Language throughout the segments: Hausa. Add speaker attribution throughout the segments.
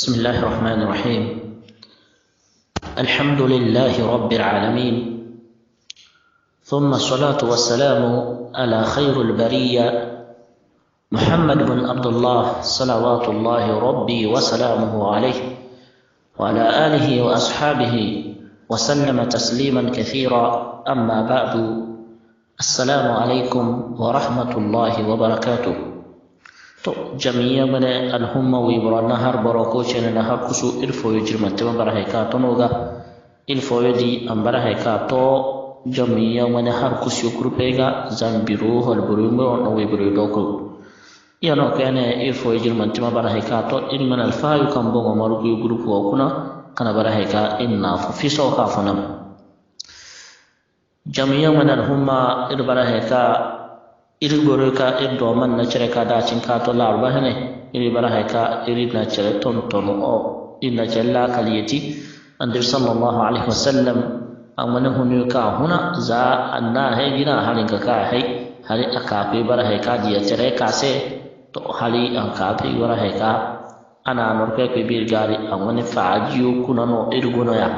Speaker 1: بسم الله الرحمن الرحيم الحمد لله رب العالمين ثم الصلاة والسلام على خير البرية محمد بن عبد الله صلوات الله ربي وسلامه عليه وعلى آله وأصحابه وسلم تسليما كثيرا أما بعد السلام عليكم ورحمة الله وبركاته to jamiya mane alhumma wibro nahar boroko chene nahar kusu jirma jirmatema bara hay ka tonoga ilfoyo di ambara hay ka to jamiya mane har kusu kurpega zambiro holboro mo on wibro doko yano kene jirma jirmatema bara hay ka to ilman alfayu kambo mo marugo grupo okuna kana bara hay ka inna fufiso ka fonam jamiya mane alhumma irbara hay ka iri gboro ka i doman na cire ka dacin ka to larba hene iri bara hay iri na cire ton ton o iri na cire la kaliyeti andir sallallahu alaihi wasallam amana hunu ka huna za anna hay gina halin ka ka hay hari akape bara hay ka diya cire ka se to hali an ka pe bara hay ana nor ka ke bir gari amana faajiyo kuna no iri gono ya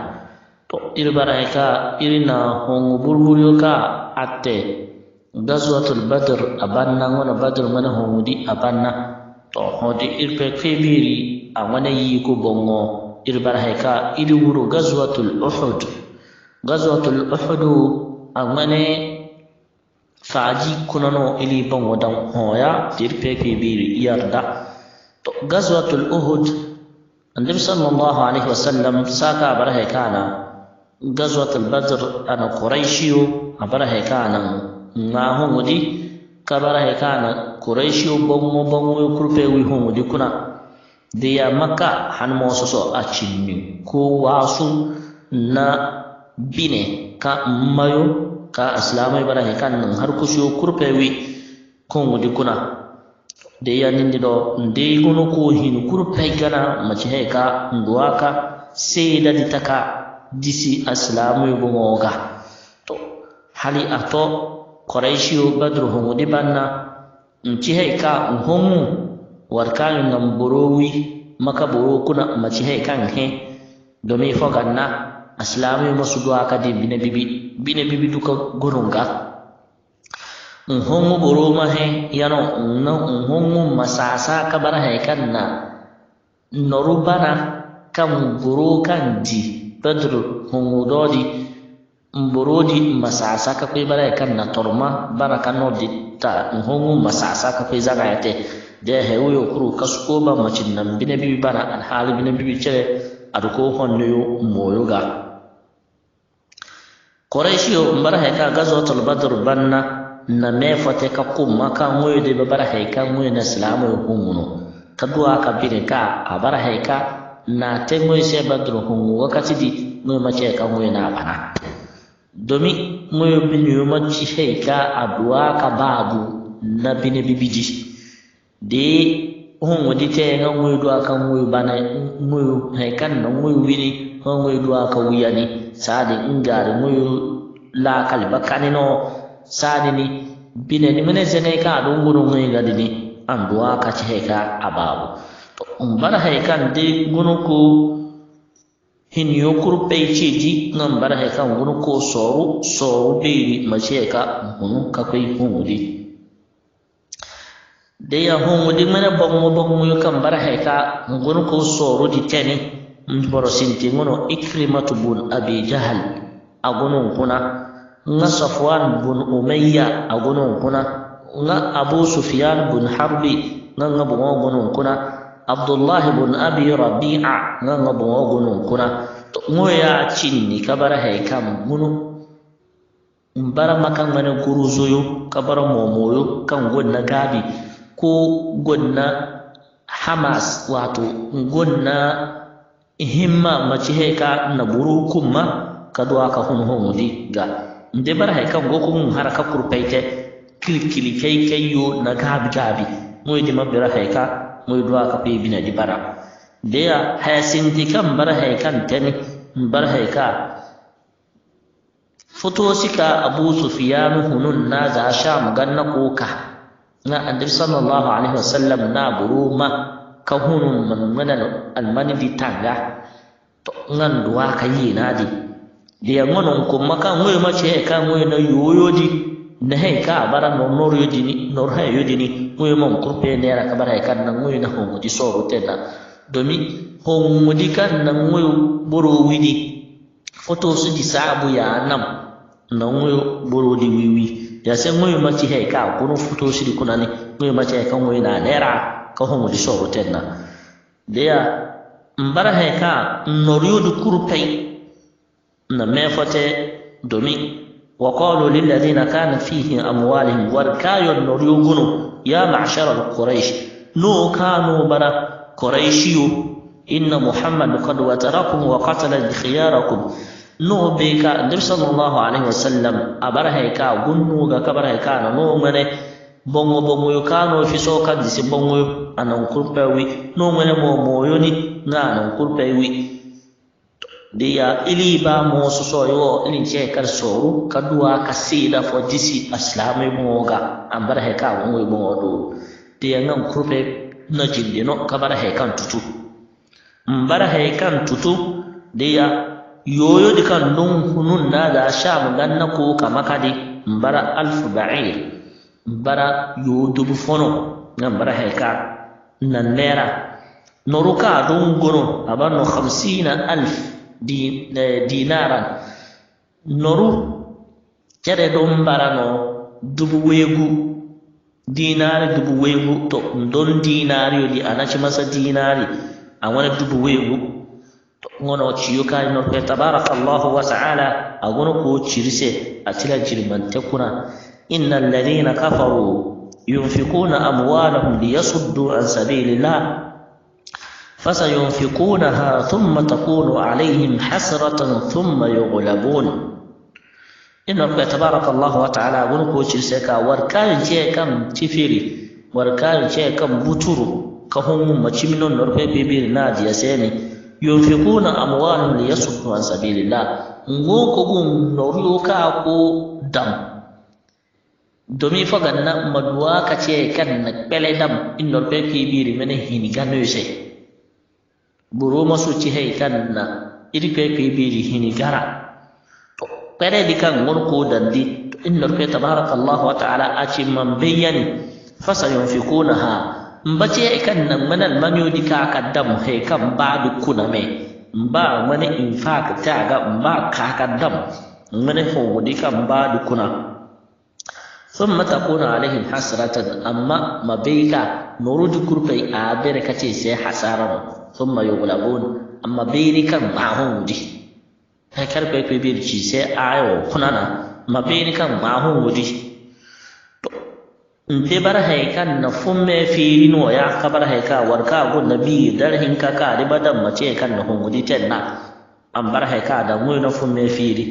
Speaker 1: to iri bara hay iri na hongu burburiyo ka atte gaswatul badr abanna wani badr mana a abanna to hodi irpe febiri amana yi ko bongo irbar haika iri wuro gaswatul uhud uhudu uhud wani faji kunano ili bongo dan hoya irpe febiri yarda to gaswatul uhud annabi sallallahu alaihi wasallam saka bar na gaswatul badr ana quraishiyo haika nan. naa hongudi kabara he kana kuraiciyo bango bangoyo kurpe wi hongudi kuna diya makka han mososo acinmi ko wasu na bine ka mayo ka islamai bara he kan nan har kusiyo kurpe wi kongudi kuna diya nindi do ndei gono ko hinu kurpe gana maci he ka nduwaka sai dadi taka disi islamai bungoga to hali ato quraishiyo badru hongude banna um cihey ka um hommu warkaŋi ŋam borowi maka boro kuna ma cihey kaŋ he domi fo ganna asilamuyo masu duwa kadi bine bibi bine bibi duka gurunga um hongu boro ma he yano na um, um hongu masasa ka bara hay kaŋ na noru kan kaŋ di badru hongu dodi mborodi masasaka kwe bara e kan na torma bara kan no ditta ngongu masasaka kwe zaga yate e de he uyo kuru kasuko ba machin nan bine bibi bara an hal bine bibi chere aduko honno yo moyo ga quraishiyo mbara he ka gazo tal badr banna na me fote ka kuma ka moyo de bara he ka moyo na islamu yo kumuno kadwa ka bine ka abara he ka na te moyo se badr kumu wakati di moyo mache ka moyo na bana domi moyo min yumacci heyka aduwaka baadu nabine bibiji de hon wadi tega moyo duwaka moyo bana moyo heykan no moyo wini ho moyo duwaka wiyani sade ingare moyo lakal bakkani no sade ni bine ni mene zenay ka do ngoro ngoy gadi ni anduwaka heyka ababu to umbara heykan de gonoko hin yokur ji nan bara he kan gunu ko soru soru ɓeyri maceka ya kakoy hunwudi mana hunwudi mene bongo mo kan bara he ka gunu ko sorudi mun boro ti mun ikrimatu bun abi jahal a kuna nga safwan bun umayya a kuna nga abu sufyan bun harbi nga nga bongo gunun kuna abdullahi bin abi rabi'a nga nga bongo gunun kuna to ngoya cinni kabara hay kam munu mbara makan ngane kuruzoyo kabara momoyo kan gonna gabi ko gonna hamas wato gonna himma mace hay ka na buru kuma kadwa ka hun hun ga inde bar hay kan goku mun haraka kurpaite kilikili kai na gabi gabi moyi di mabira hay ka moy duwa ka pe bina di bara de ya haya sinti kan bar hay kan tani bar hay ka foto sika abu sufyan hunun na za sha muganna ko ka na annabi sallallahu alaihi wasallam na buruma ka hunun man mana almani di tanga to ngan duwa ka yi na di de ya ngonon ko maka ngoy ma che ka ngoy na yoyo di nahay ka bara no nor yodini nor ha yodini nguyo mon kurpe nera ka bara kan na nguyo na hongo di soru tena domi hongo di kan na nguyo boro wini foto su di sabu ya nam na nguyo boro di wiwi ya se nguyo machi hay ka kuno foto su di kunani nguyo machi hay ka nguyo na nera ka hongo di soru tena deya mbara hay ka nor yodu kurpe na mefote domi وقالوا للذين كان فيهم أموالهم والكايو نريوغنو يا معشر القريش نو كانوا بنا قريشيو إن محمد قد وتركم وقتل خياركم نو بيكا النبي صلى الله عليه وسلم أبرهيكا غنوغا كبرهيكا نومني bongo bongo yo kano fi so kadisi bongo yo anan kurpewi no mene mo moyo ni na anan kurpewi diya ili ba mosu so yo ilin che kar soru kaduwa ka sida fo jisi aslamu moga ambar he ka wo mo do diya ngam kurbe na jinde no ka bar he kan tutu mbar he kan tutu diya yoyo di kan nun hunun na da sham gan na ko ka makadi mbar alf ba'ir mbar yo dubu fono ngam bar he ka nan nera noruka dun gono aban no 50 alf Eh, dinara noru kere ɗon barano dubu wegu, dinari dubu wegu to ɗon dinari yoli anaci masa dinari a wani dubu wegu to gono ciyo kani non koye tabarakallahu wa taala a gono ko cirise a tila jirmante kuna inna alladina kafaru yunfikuna amwalahum liyasuddu an sabilillah فسينفقونها ثم تكون عليهم حسرة ثم يغلبون inna rabbi tabaraka allah wa ta'ala gun ko cirse ka war kayan ce kan tifiri war kayan kan buturu ka hungun maciminon nor pe bibir na diya sene yunfikuna amwalahum liyasuddu an sabilillah ngo ko gun nor ka ko dam ka kan dam in buruma suci hay kanna iri kwe kwe biri hini gara to pere di kan dan di inna kwe tabarakallahu wa ta'ala aci man bayyani fasa yunfikuna mbace ikan nan manan manyo di ka kaddam hay kan ba'du kuna me mba wani infaq taga mba ka kaddam mene ho di kan ba'du kuna ثم تكون عليهم حسرة أما مبيكا نرد كربي آبير كتي سي حسارة ثم يغلبون اما بيني كان معهم wudi hay بي بي koy beeri ma بيني كان معهم wudi ان في hay kan na fumme fiirino ya ka bara hay ka war ka gon na bi dar hin ka ka riba dan mace kan na hungudi ten na bara hay ka da ngoy na fumme fiiri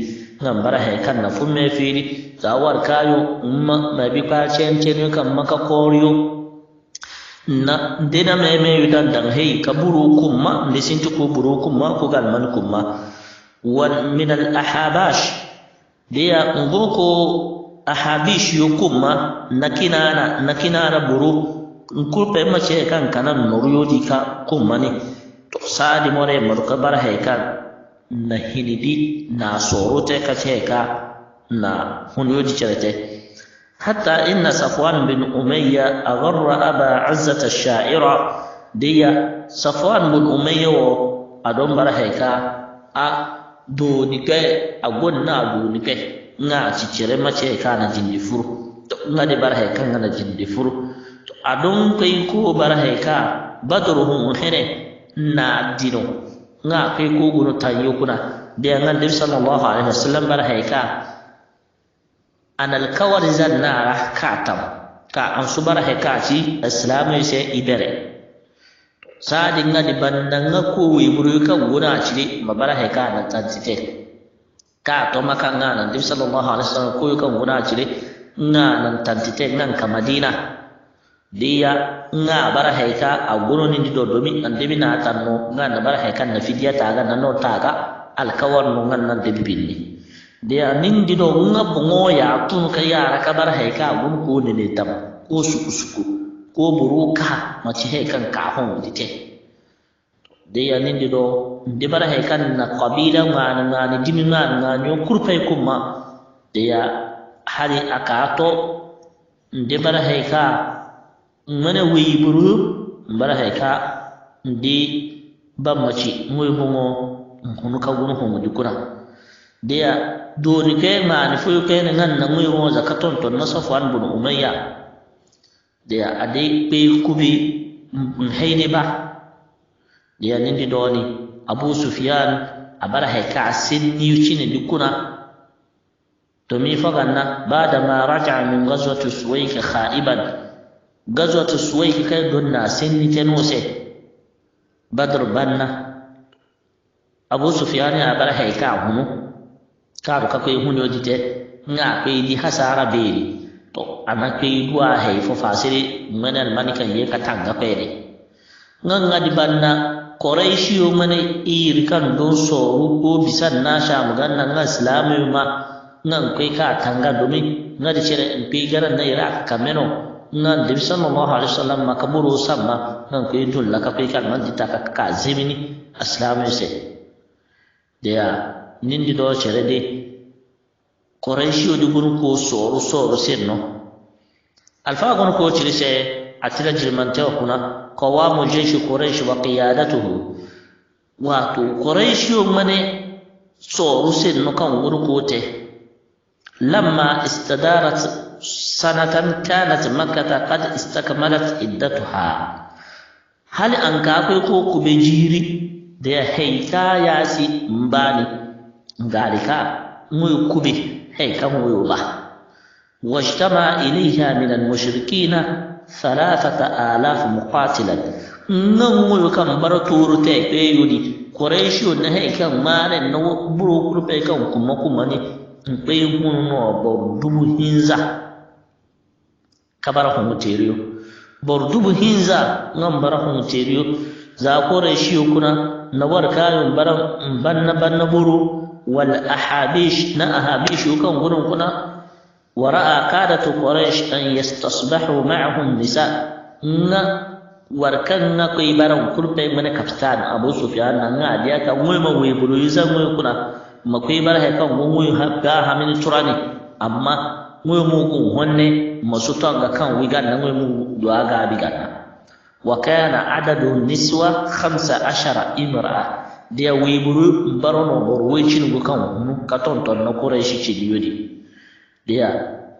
Speaker 1: kan na fumme fiiri za kayo ma bi ka cen kan maka koriyo na dena me me yudan dang hey kaburu kumma nisintu kuburu kumma ko gal man kumma wan min al ahabash dia ngoko ahabish yo kumma nakinana nakinana buru nkurpe ma che kan kanan noru yo dika kumma ni to sadi more maruka bar hay ka na hinidi na sorote ka che ka na hunyo di chalete حتى إن صفوان بن أمية أغر أبا عزة الشاعرة دي صفوان بن أمية وأدون برهيكا أدونيكي أقول نادونيكي a تشيري ما كان جندي فرو nga de baraheka nga na jindi furu adon kai ko baraheka badruhum hene na dino nga kai ko gunu tanyo kuna de nga nabi sallallahu alaihi wasallam baraheka anal kawari zannara ka tam ka an subara he kaci islamai se ibere sadi ngani banda nga ko wi buru ka guna cire mabara he ka na tantite ka to maka nga nan dib sallallahu alaihi wasallam ko ka guna cire nga nan tantite nan ka madina diya nga bara he ka a guno ni do domi nan dibi na tanno nga na bara he kan na fidiya ta ga nan no ta ga al kawar no nan nan dibbinni dido nga bungo ya yatun ka yara kabar haika gun ko ne tam ko su su ko buru ka mace haikan kahon dite dia nindino ndi bar haikan na kabila na na dimi ŋani ŋani yo kurfai kuma ya hari to ndi bar haika mana weyi buru bar haika ndi bammaci ŋoy boŋo hunu ka gun homu jukuna dia duri ke mani fuyu ke ni ngan na ngui mo zakaton ton na safwan bin umayya dia ade pe kubi mhaini ba dia nindi doni abu sufyan abara heka sinni yuchine dukuna to mi faganna bada ma raja min ghazwati suwayk khaiban ghazwati suwayk kai ni sinni tenose badr banna abu sufyan abara heka hunu ka ka koy hunyo jite nga koy di hasara beri to ana koy duwa hay fo fasiri manan manika ye ka tanga pere nga nga di banna quraishi yo mane iri kan don soru ko bisan na sham ganna nga islami ma nga koy ka tanga domi nga di chere en koy garan na iraq kameno nga nabi sallallahu alaihi wasallam makaburu samma nga koy dulla ka koy kan man di ta ka zimini islami se da nindi ɗo sere de korayciyoɗi gon ko soro sooru no Alfa gon ko ciri se atila o kuna ko wamo jeyci korayci wa qiyadatuhu wato o mane sooru no kan gon ko te lamma istadarat sanatan kanat makkata qad istakmalat iddatuha hali an ka ko kuɓe ya de ya si mbani dalika muy kubi hey kam wiwuba wajtama ilayha min almushrikina thalathata alaf muqatilan nan muy kam bar turu te peyudi quraishu na hey kam mare na buru kuru pe kam kuma kuma ne in pey kun no bo dubu hinza kabara hu mutiriyo bor dubu hinza nan bar hu mutiriyo za quraishu kuna na war kayun bar ban na ban na والأحابيش نأهابيش يكون قرن قنا ورأى قادة قريش أن يستصبحوا معهم نساء ن وركن قيبر كل من كفتان أبو سفيان نعاد ويما كان ويم ويم برويزا كنا ما قيبر هيك ويم ويم هكا همين تراني أما ويم ويم هني مسوتا كان ويجان ويم دعاء بيجان وكان عدد النسوة خمسة عشر امرأة dia wiburu chin borwecin gukan nu katon ton na chi di diyodi dia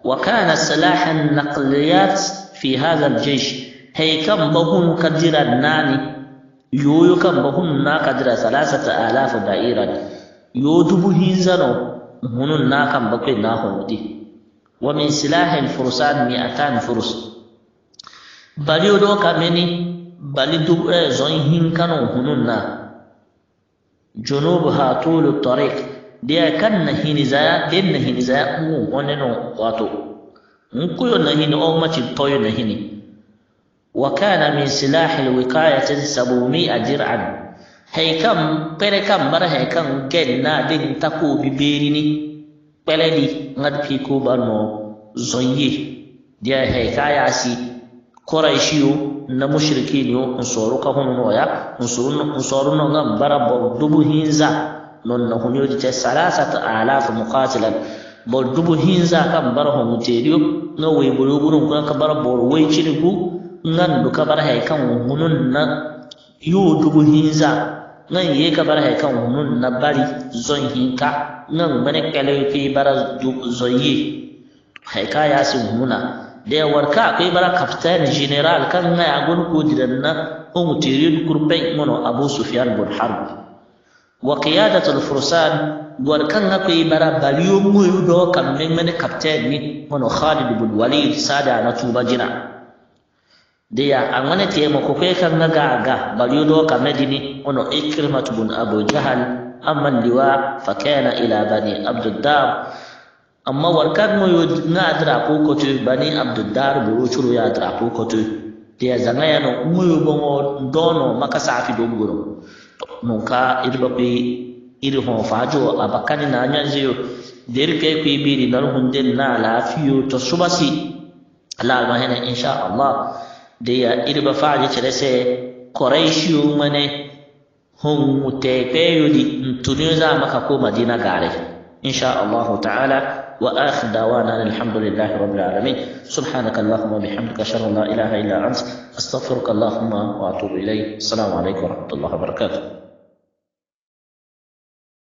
Speaker 1: wa kana salahan naqliyat fi hadha al-jaysh hay kam bahun kadira nani yoyo kan bahun na kadira salasata alafu da'ira yo dubu hinzano munun na kan bakwai na hundi wa min silahin fursan mi'atan furs bali do kameni bali dubu eh zon hinkano hunun na junubuha tulu tariq dia kan na hiniza den na hiniza mu oneno wato nkuyo na o machi na hini wa kana min silah alwiqayati 700 jir'an hay kam pere kam bar hay kam gen na den taku biberi ni pele di ngad fi ko banno zonye dia hay kaya si korashiyo na mushrikiniyo in soro nsooruno ga bara bor dubu hinza non na huniyoji te salasata alaf muqatilan bor dubu hinza kan bara homuteriyo nga buru kuna ka bara bor ku ngan du ka bara hay kan hunun na yo dubu hinza nan ye ka bar hay kan hunun na bari zon hinka nan bane kale fi bara zon yi hay ka ya sin hununa de warka ko bara capitaine general kan na agun kudiran na on tirin kurbai mono abu sufyan bin harb wa qiyadatul fursan war kan na ko bara baliyo mu do kam men men capitaine ni mono khalid bin walid sada na tuba jina deya an wani taimako kai kan na gaga bari do ka madini ono ikrimat bun abu jahal amma liwa fa kana ila bani abduddar amma warkat mo yo nga drapeau koto bani abdudar boro coro ya drapeau koto te ya zanga ya no mo yo bongo dono maka safi do goro no ka irlo pe ir ho fajo abakani na nya zeyo der ke ku ibiri dar hunde na lafiyo to subasi ala ma hena insha allah de ya irba faje tere se quraishu mane hon mutepe yudi tunyo za maka ko madina gare إن شاء الله تعالى وآخر دعوانا الحمد لله رب العالمين سبحانك اللهم وبحمدك أشهد أن لا إله إلا أنت أستغفرك اللهم وأتوب إليك السلام عليكم ورحمة الله وبركاته